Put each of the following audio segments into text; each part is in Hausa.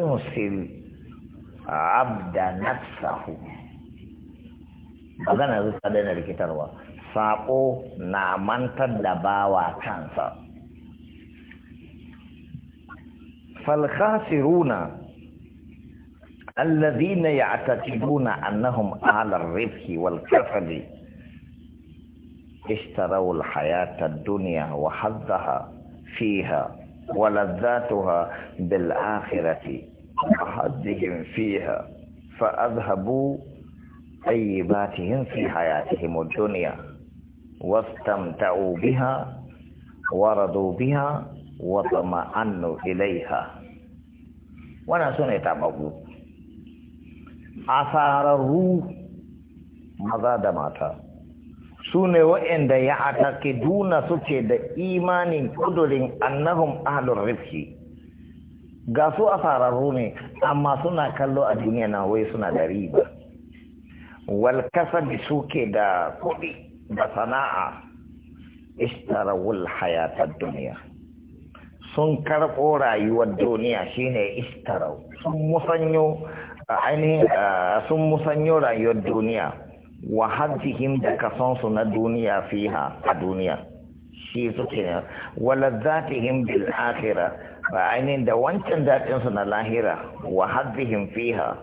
أنسل عبد نفسه magana zai ta daina rikitarwa saƙo na mantar da bawa kansa falkhasiruna allazina ya'tatiduna annahum ahlur rifqi wal kasali ishtaraw al hayata ad-dunya wa haddaha fiha ولذاتها بالآخرة وحظهم فيها فأذهبوا طيباتهم في حياتهم الدنيا واستمتعوا بها ورضوا بها وطمأنوا إليها وانا سنة تابعوا أثار الروح ماذا دماتها su ne wa'inda ya atake duna suke da imanin kudurin annahum ahlur rifki ga su a fararru ne amma suna kallo a duniya na wai suna da riba wal kasabi suke da kuɗi da sana'a istarawul hayatar duniya sun karɓo rayuwar duniya shine istaraw sun musanyo ainihin sun musanyo rayuwar duniya وحذهم دكسانس الدنيا فيها الدنيا شيء سكينة ولذاتهم بالآخرة عينين دوانتن ذات انسان الاهرة وحذهم فيها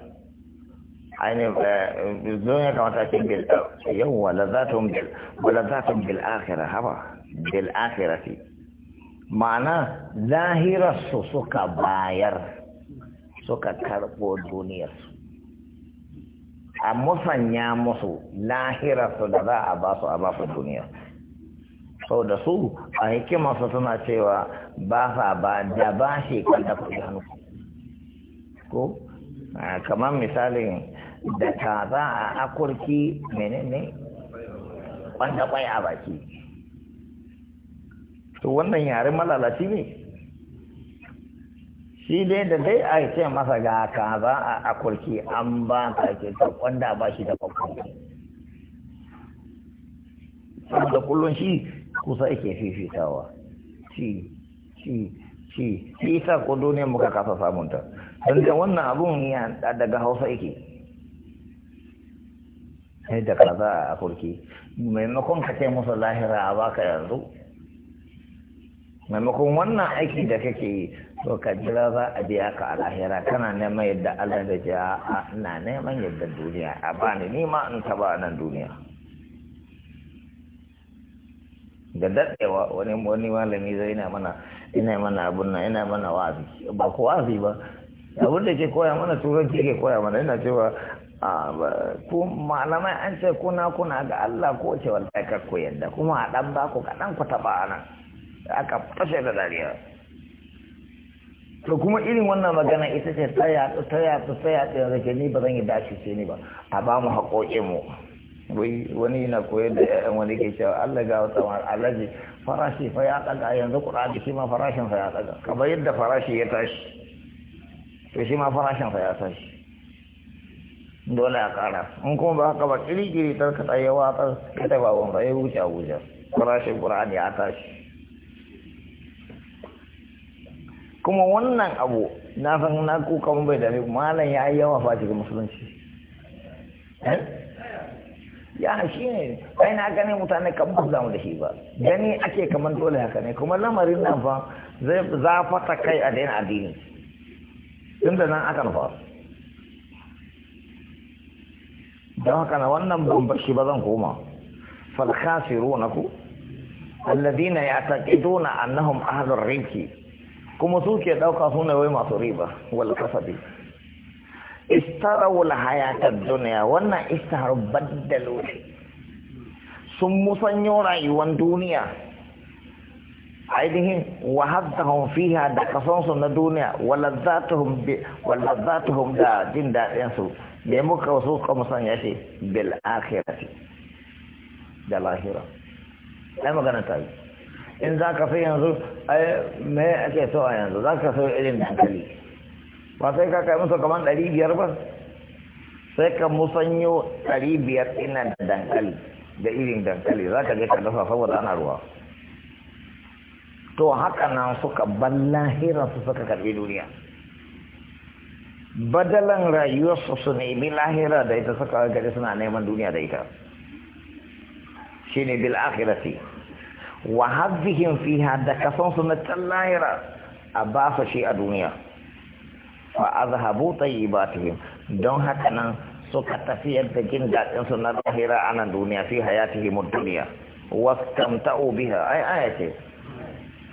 عين الدنيا كما تأتي بالآخرة ولذاتهم بال... ولذاتهم بالآخرة هبا بالآخرة في معنى ظاهرة سوكا باير سوكا كربو دنيا سو a musanya musu su da za a ba su a ba su duniya sau da su a su suna cewa ba sa ba da ba shi kwanta kuɗi hannu ko kamar misalin da ta za a akurki menene kwanta kwai a baki to wannan yare malalaci ne shi dai da dai a ce masa ga kaza a akurki an ba ta ke karɓar da ba shi da babban da kullum shi kusa yake fifitawa shi shi shi shi ta ko ne muka kasa samunta don da wannan abun ya daga hausa yake sai da kaza a akurki maimakon ka ce musu lahira a baka yanzu maimakon wannan aiki da kake yi to ka jira za a biya ka alahira kana neman yadda Allah da ce na neman yadda duniya a bani ni ma in taba nan duniya da daɗewa wani wani malami zai ina mana ina mana abun nan ina mana wazi ba ko wazi ba abun da ke koya mana turanci ke koya mana ina cewa ku malamai an ce kuna kuna ga Allah ko ce wallahi kar ku yadda kuma a dan ba ku kaɗan ku taɓa nan aka fashe da dariya to kuma irin wannan magana ita ce ta yaɗu ta yaɗu ta yaɗu yanzu ke ni ba zan yi dashi ce ni ba a ba mu mu. wani na koyar da ƴaƴan wani ke cewa Allah ga wata ma alaji farashi fa ya tsaga yanzu kuɗaɗe shi ma farashin fa ya tsaga. kamar yadda farashi ya tashi to shi ma farashin fa ya tashi dole a ƙara in kuma ba haka ba kiri kiri ta ka tsaye watsar kada ba wanda ya wuce wuce farashin ƙura'ani ya tashi kuma wannan abu na san na kuka mun bai dame malam ya yi yawa fa musulunci eh? ya shi ne kai na gane mutane kan ba mu da shi ba gani ake kamar dole haka ne kuma lamarin nan fa zai zafata kai a daina addini tunda nan aka nufa don haka na wannan ban shi ba zan koma na ku alladhina ya'taqiduna annahum ahlur rizqi kuma suke ke ɗauka suna wai masu riba wal kasabi istarawul hayatad duniya wannan istar baddalo sun musanyo rayuwar duniya ainihin wa haddahum fiha da kasansu na duniya waladzatuhum bi waladzatuhum da jin daɗin su da muka wasu ka musanya shi bil akhirati da lahira ai magana ta yi in za ka sai yanzu me ake so a yanzu za ka sai irin dankali ba sai ka kai musu kamar ɗari biyar ba sai ka musanyo ɗari biyar ina da dankali da irin dankali za ka je ka dafa saboda ana ruwa to haka nan suka ban su suka karɓi duniya badalan rayuwar su nemi lahira da ita suka gari suna neman duniya da ita shine bil akhirati wa hazzihim fiha da kason su na can lahira a ba su shi a duniya fa azhabu tayyibatihim don haka nan suka tafi yadda jin daɗin su na lahira a nan duniya fi hayatihim ad-dunya wastamta'u biha ai aya ce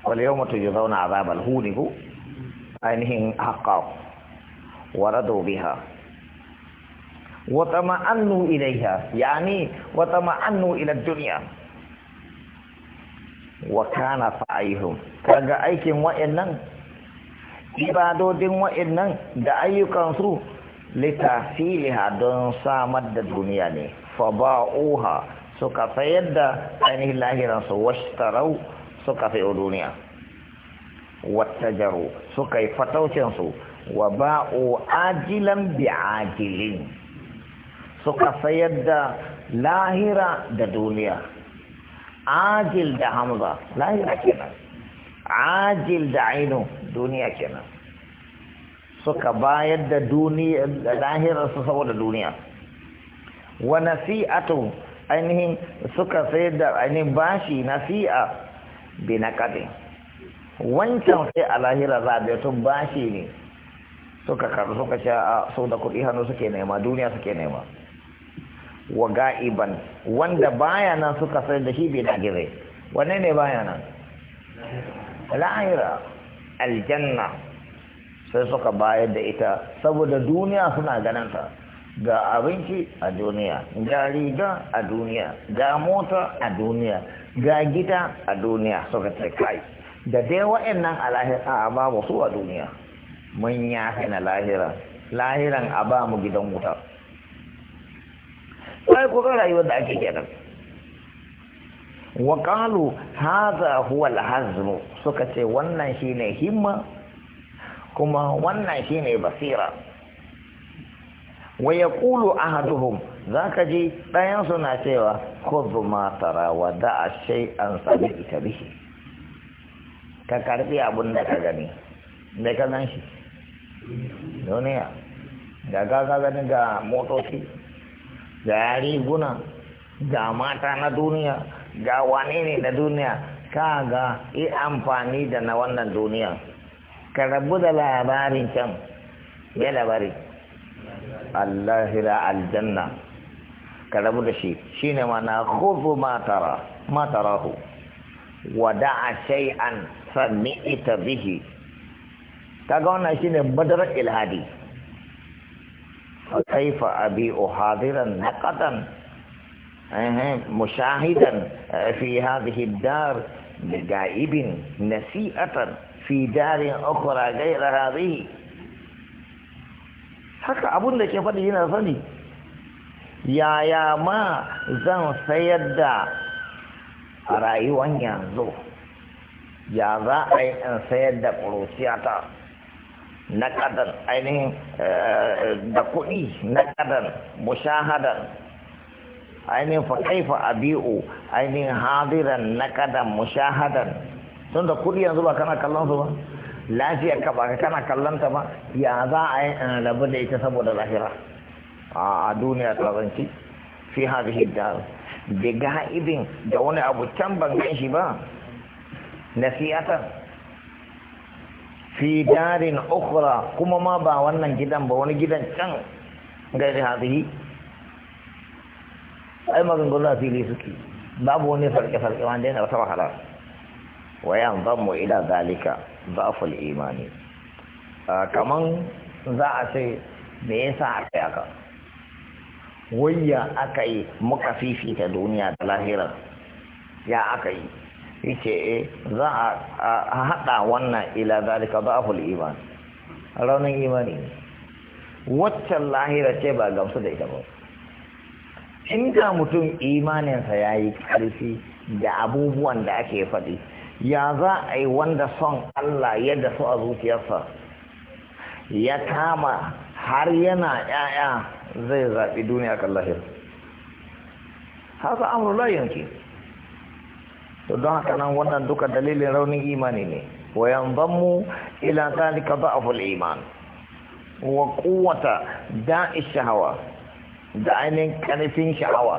wal yawma tujzauna azab al-huni hu ainihin haqqa wa radu biha wa tama'annu ilayha yani wa tama'annu ila ad-dunya wa kana fa'ihum kaga aikin wa'annan ibadodin wa'annan da ayyukansu litafiliha don samar da duniya ne fa ba'uha suka sayar da ainihin su washtarau suka sayo duniya wattajaru suka yi su wa ba'u ajilan bi ajilin suka sayar da lahira da duniya ajil da hamza lahira kenan ajil da ainu duniya kenan suka bayar da duniya lahirarsu saboda duniya wa nasi'atu ainihin suka sayar da ainihin bashi nasi'a bi naqadi wancan sai a lahira za da tun bashi ne suka karu suka sha a sau da kuɗi hannu suke nema duniya suke nema wa ga'iban wanda baya nan suka sayar da shi bai gire, wanne ne baya nan lahira aljanna sai suka bayar da ita saboda duniya suna gananta ga abinci a duniya ga riga a duniya ga mota a duniya ga gida a duniya suka ce kai da dai wa'annan a lahira a babu su a duniya mun yafe na lahira lahiran a ba mu gidan wuta ai ko rayuwar da ake kenan wa qalu hadha huwa al-hazm suka ce wannan shine himma kuma wannan shine basira wa yaqulu ahaduhum zaka ji dayan suna cewa khudh ma tara wa da'a shay'an sabita bihi ka karbi abun da ka gani me ka gan shi duniya ga ga ganin ga motoci ga riguna ga mata na duniya ga wane ne na duniya ka ga yi amfani da na wannan duniya ka rabu da labarin can ya labari allahira aljanna ka rabu da shi shine mana wada a matarahu an sami ita bihi ga wannan shine madarar ilhadi فكيف أبي أحاضرا نقدا مشاهدا في هذه الدار غائب نسيئة في دار أخرى غير هذه حقا أبونا كيف هنا صدي يا يا ما زن سيدا رأي وان يا ذا أي أن سيدا بروسياتا na kadan ainihin uh, uh, da kuɗi na kadan mushahadan ainihin faƙaifa abi'u ainihin hadiran na kadan mushahadan tun da kuɗi yanzu ba kana kallon su ba lafiyar ka ba kana kallon ta ba ya za a yi rabu da ita saboda lahira a duniya zanci fi hadihi da da ga'ibin da wani abu can ban gan shi ba na siyasar fi darin ukhra kuma ma ba wannan gidan ba wani gidan can ga gairi yi. ai maganganu fili suke babu wani farke-farke wanda yana wata wahala wa yan zammu ila zalika zaful imani ah, kaman za a ce me yasa aka yaka wayya aka yi muka fifita duniya da lahira ya aka yi yace eh, za a haɗa wannan ila zalika ful iman raunin imani waccan lahira ce ba gamsu da ita ba inda mutum imaninsa ya yi ƙarfi da abubuwan da ake faɗi ya za a yi wanda son Allah yadda su a zuciyarsa ya kama har yana ‘ya'ya zai zaɓi duniya kan lahira haka amurla yanki don haka nan wannan duka dalilin raunin imani ne wa yanzammu ila zalika da'ful iman wa quwwata da'ish shahawa da ainin karfin shahawa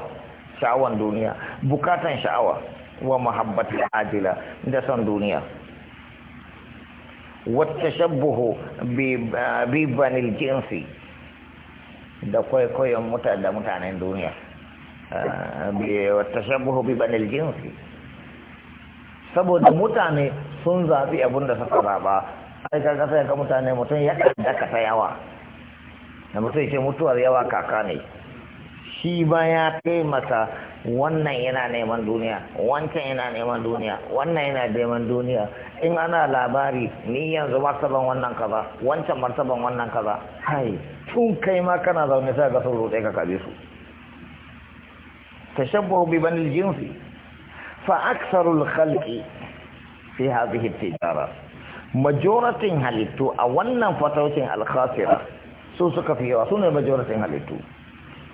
shawan duniya bukatan shahawa wa mahabbatul ajila da san duniya والتشبه ببني الجنس da kwaikwayon mutane da mutanen duniya bi tashabbuhu والتشبه ببني jinsi saboda mutane sun zaɓi abin da suka zaɓa ai ka kasa ga mutane mutum ya ɗaga ta yawa da mutum ce mutuwar yawa kaka ne shi ba ya taimaka wannan yana neman duniya wancan yana neman duniya wannan yana neman duniya in ana labari ni yanzu martaban wannan kaza wancan martaban wannan kaza hai tun kai ma kana zaune sai ga sun roɗe ka kabe su tashabbu bi banil jinsi فأكثر الخلق في هذه التجارة majoratin halittu a wannan fataucin alkhasira su suka fi yawa su ne majoratin halittu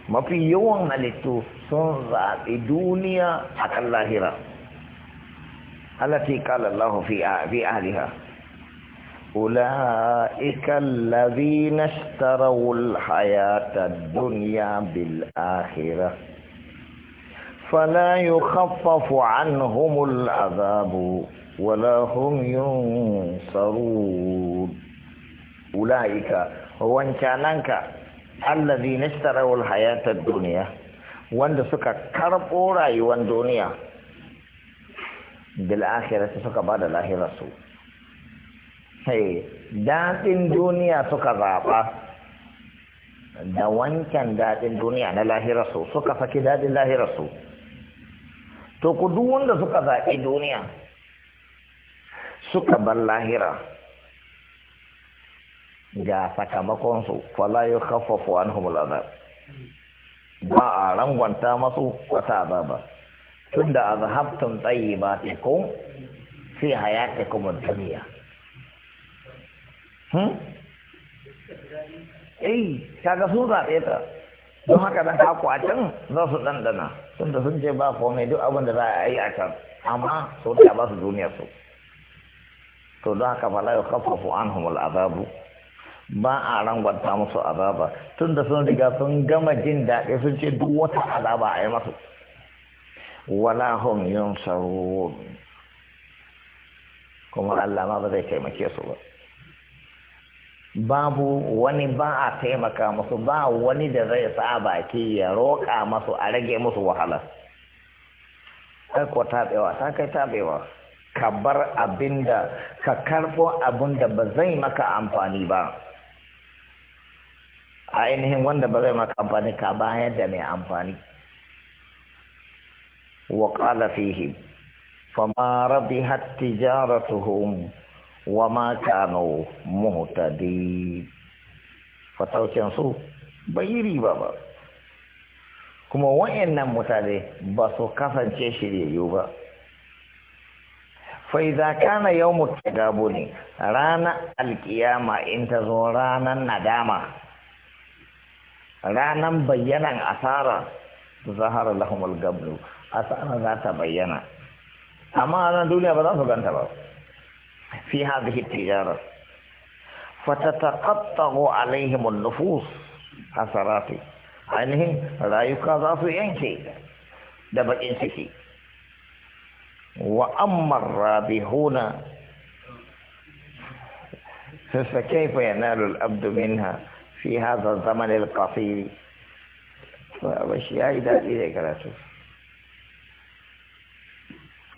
mafi yawan halittu sun zaɓi duniya a kan lahira halatti kala Allah fi ahliha ula'ika allazina ishtaraw alhayata ad-dunya bil akhirah فلا يخفف عنهم العذاب ولا هم ينصرون أولئك هو أن وانشانك الذين اشتروا الحياة الدنيا وان سكا كربوا يوان دنيا بالآخرة سكا بعد الله رسول هي دات دنيا سكا رابا da wancan daɗin duniya na lahira su suka faki daɗin lahira su to ku duk wanda suka zaɓi duniya suka bar lahira ga sakamakonsu fala yi khaffafu an azab ba a rangwanta masu wata azaba tun da azhabtum tayyibatikun fi hayatikum kuma dunya hmm eh kaga su zaɓe ta don haka dan haku a can za su ɗanɗana da sun ce ba komai duk abin da za a yi a can amma sau da ba su duniya su to don haka fala ya kafafu an humul azabu ba a rangwanta musu azaba Tun da sun riga sun gama jin daɗi sun ce duk wata azaba a yi masu wala hum yunsarun kuma Allah ma ba zai taimake su ba babu wani ba a taimaka musu ba wani da zai sa baki ya roƙa masu a rage musu wahala ko taɓewa ta kai taɓewa ka bar abin da ka karɓo abin da ba zai maka amfani ba a ainihin wanda ba zai maka amfani ka bayar da mai amfani wa ƙala Rabi fama rabihat tijaratuhum wa ma kanu muhtadi fatawcin su bai yi riba ba kuma wa'annan mutane ba su kasance shiryayyu ba faiza kana yawmu tagabu ne ranar alkiyama in ta zo ranar nadama ranar bayyanan asara zahara lahumul gablu asara za ta bayyana amma ranar duniya ba za su ganta ba في هذه التجارة فتتقطع عليهم النفوس حسرات عنهم رأيك في ينكي دبك انسكي وأما الرابحون فكيف ينال الأبد منها في هذا الزمن القصير فبشي هاي دادي رسول